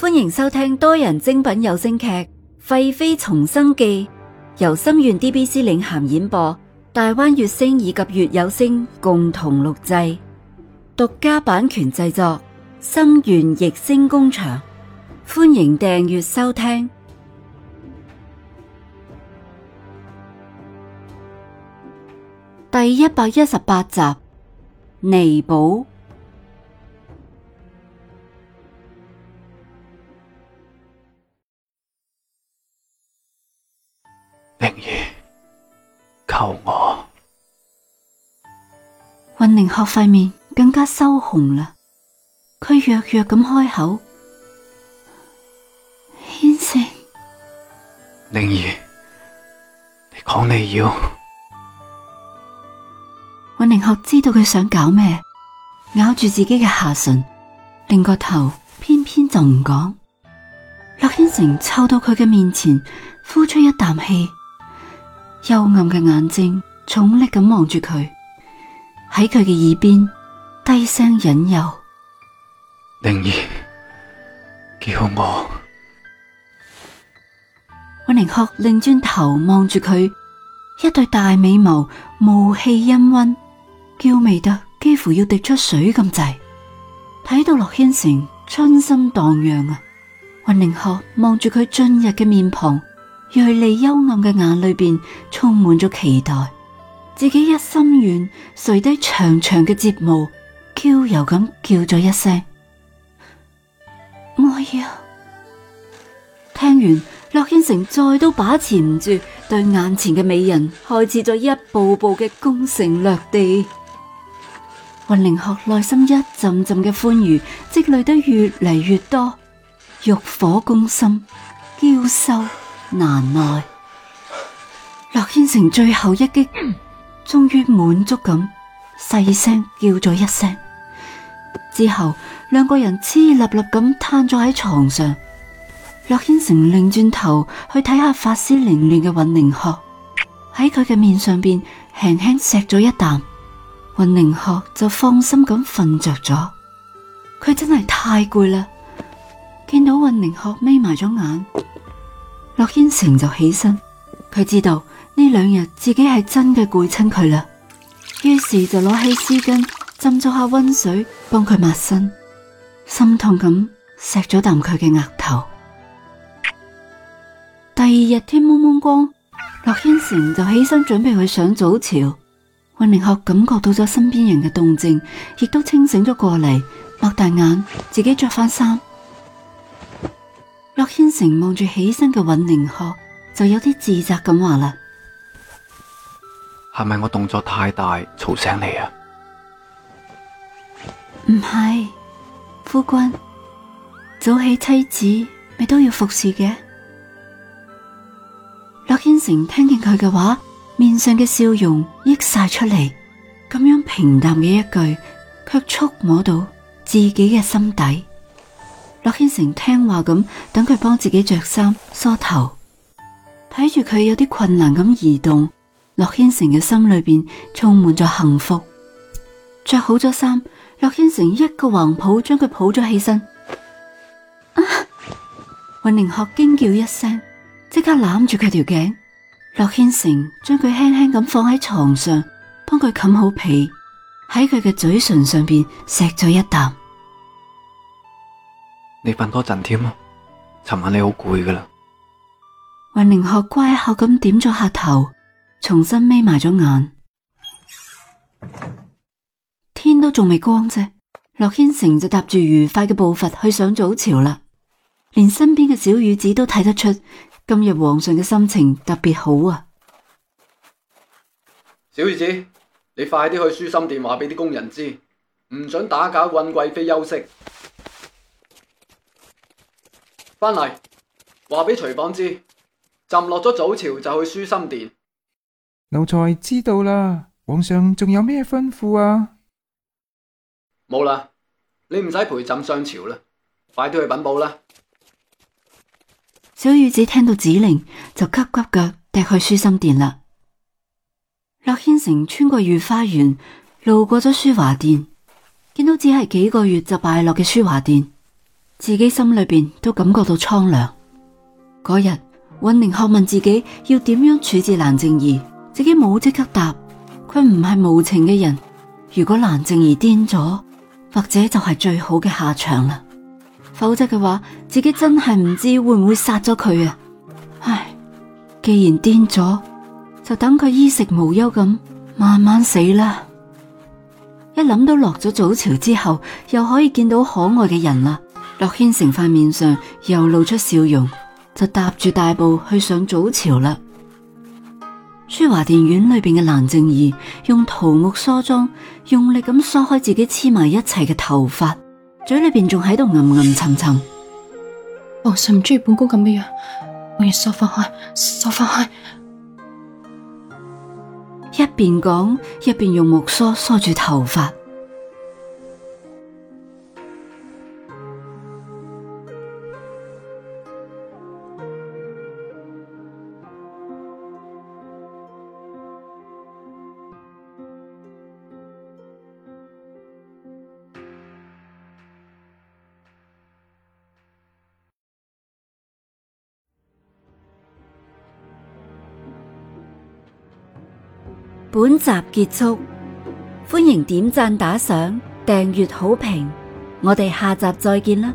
歡迎收聽多人精品有聲劇《廢妃重生記》，由心願 D B C 領銜演播，大灣月聲以及月有聲共同錄製，獨家版權製作，心願逸聲工場。歡迎訂閱收聽第一百一十八集《彌補》。靈兒，求我。運寧學塊面更加羞紅啦，佢弱弱咁開口：軒成，靈兒，你講你要。運寧學知道佢想搞咩，咬住自己嘅下唇，擰個頭，偏偏就唔講。洛軒成湊到佢嘅面前，呼出一啖氣。幽暗嘅眼睛，重力咁望住佢，喺佢嘅耳邊低聲引誘。靈兒，叫我。雲凌鶴擰轉頭望住佢，一對大美眸霧氣氤氳，嬌媚得幾乎要滴出水咁滯，睇到洛傾城春心蕩漾啊！雲凌鶴望住佢俊逸嘅面龐。銳利幽暗嘅眼裏邊充滿咗期待，自己一心軟垂低長長嘅睫毛，嬌柔咁叫咗一聲：我要呀。聽完，駱千成再都把持唔住，對眼前嘅美人開始咗一步步嘅攻城略地。雲靈鶴內心一陣陣嘅歡愉積累得越嚟越多，慾火攻心，嬌羞難耐，洛軒成最後一擊， 終於滿足咁細聲叫咗一聲，之後兩個人黐立立咁癱咗喺床上。洛軒成擰轉頭去睇下發絲凌亂嘅尹寧鶴，喺佢嘅面上邊輕輕錫咗一啖，尹寧鶴就放心咁瞓着咗。佢真係太攰啦，見到尹寧鶴眯埋咗眼。洛軒成就起身，佢知道呢兩日自己係真嘅攰親佢啦，於是就攞起絲巾浸咗下溫水，幫佢抹身，心痛咁錫咗啖佢嘅額頭。第二日天蒙蒙光，洛軒成就起身準備去上早朝，溫寧鶴感覺到咗身邊人嘅動靜，亦都清醒咗過嚟，擘大眼自己着翻衫。駱軒成望住起身嘅尹寧珂，就有啲自責咁話啦：係咪我動作太大，吵醒你啊？唔係，夫君，早起妻子，咪都要服侍嘅。駱軒成聽見佢嘅話，面上嘅笑容溢晒出嚟。咁樣平淡嘅一句，卻觸摸到自己嘅心底。洛軒成聽話咁等佢幫自己着衫梳頭，睇住佢有啲困難咁移動，洛軒成嘅心裏邊充滿咗幸福。着好咗衫，洛軒成一個橫抱將佢抱咗起身。啊！雲寧學驚叫一聲，即刻攬住佢條頸。洛軒成將佢輕輕咁放喺床上，幫佢冚好被，喺佢嘅嘴唇上邊錫咗一啖。你瞓多陣添啊！尋晚你好攰噶啦。雲寧學乖巧咁點咗下頭，重新眯埋咗眼。天都仲未光啫，洛軒成就踏住愉快嘅步伐去上早朝啦。連身邊嘅小雨子都睇得出，今日皇上嘅心情特別好啊！小雨子，你快啲去書心殿，話俾啲工人知，唔准打攪溫貴妃休息。翻嚟話俾廚房知，朕落咗早朝就去舒心殿。奴才知道啦，皇上仲有咩吩咐啊？冇啦，你唔使陪朕上朝啦，快啲去稟報啦。小雨子聽到指令就急急腳趯去舒心殿啦。洛軒城穿過御花園，路過咗書華殿，見到只係幾個月就敗落嘅書華殿。自己心裏邊都感覺到蒼涼。嗰日，溫寧學問自己要點樣處置蘭靜兒，自己冇即刻答。佢唔係無情嘅人，如果蘭靜兒癲咗，或者就係最好嘅下場啦。否則嘅話，自己真係唔知會唔會殺咗佢啊！唉，既然癲咗，就等佢衣食無憂咁，慢慢死啦。一諗到落咗早朝之後，又可以見到可愛嘅人啦。樂軒成塊面上又露出笑容，就踏住大步去上早朝啦。淑華殿院裏邊嘅藍靜儀用桃木梳妝，用力咁梳開自己黐埋一齊嘅頭髮，嘴裏邊仲喺度暗暗沉沉。皇上唔中意本宮咁嘅樣，我要梳翻開，梳翻開。一邊講，一邊用木梳梳住頭髮。本集結束，歡迎點讚打賞、訂閱好評，我哋下集再見啦。